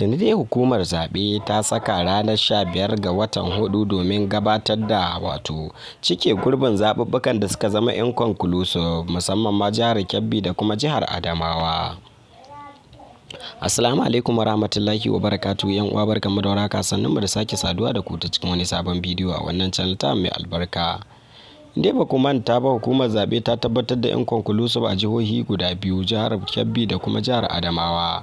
tuni dai hukumar zaɓe ta saka ranar 15 ga watan hudu domin gabatar da wato cike gurbin zaɓuɓɓukan da suka zama inconclusive musamman ma jihar kebbi da kuma jihar adamawa Assalamu alaikum wa rahmatullahi wa barakatu yan uwa barkamu da waraka sannunmu da sake saduwa da ku ta cikin wani sabon bidiyo a wannan channel ta mai albarka. Inda ba kuma manta ba hukumar zaɓe ta tabbatar da yan conclusive a jihohi guda biyu jihar Kebbi da kuma jihar Adamawa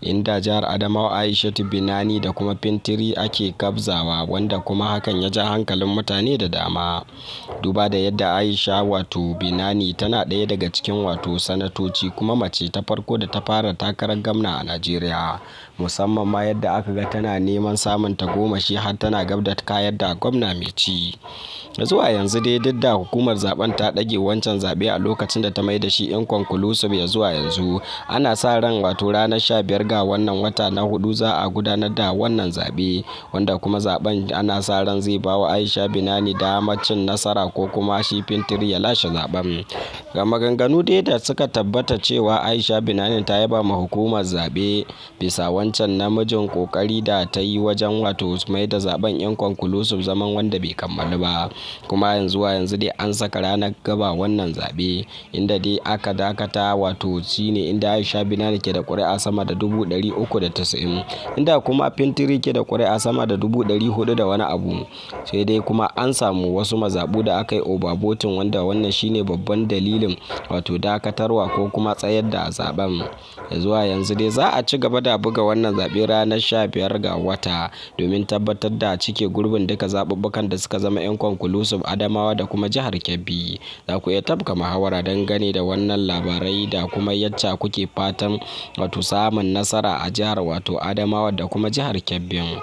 inda jihar adamawa aishatu binani da kuma fintiri ake kabzawa wanda kuma hakan ya ja hankalin mutane da dama duba da yadda aisha wato binani tana ɗaya daga cikin wato sanatoci kuma mace ta farko da ta fara takarar gamna a najeriya musamman ma yadda aka ga tana neman samun tagomashi har tana gab da kayar da gwamna mai ci zuwa yanzu dai duk da hukumar zaben ta ɗage wancan zaɓe a lokacin da ta mai da shi inconclusive ya zuwa yanzu ana sa ran wato ranar 15 ga wannan wata na hudu za a gudanar da wannan zaɓe wanda kuma zaben ana sa ran zai ba wa aisha binani dama cin nasara ko kuma shi fintir ya lashe zaben ga maganganu dai da suka tabbata cewa aisha binani ta yaba ma hukumar zaɓe bisa wancan namijin kokari da ta yi wajen wato mai da zaben yan conclusive zaman wanda bai kammalu ba kuma yanzu wa yanzu dai an saka ranar gaba wannan zaɓe inda dai aka dakata wato shine inda aisha binani ke da ƙuri'a sama da dubu 390 inda kuma fintiri ke da a sama da 400 da wani abu sai dai kuma an samu wasu mazaɓu da aka yi obabotin wanda wannan shine babban dalilin wato dakatarwa ko kuma tsayar da zaben zuwa yanzu dai za a ci gaba da buga wannan zaɓe ranar 15 ga wata domin tabbatar da cike gurbin duka zaɓuɓɓukan da suka zama 'yan kwankulusuf adamawa da kuma jihar kebbi za ku iya tabka muhawara gane da wannan labarai da kuma yadda kuke fatan wato samun nasa nasara a jihar wato Adamawa da kuma jihar Kebbi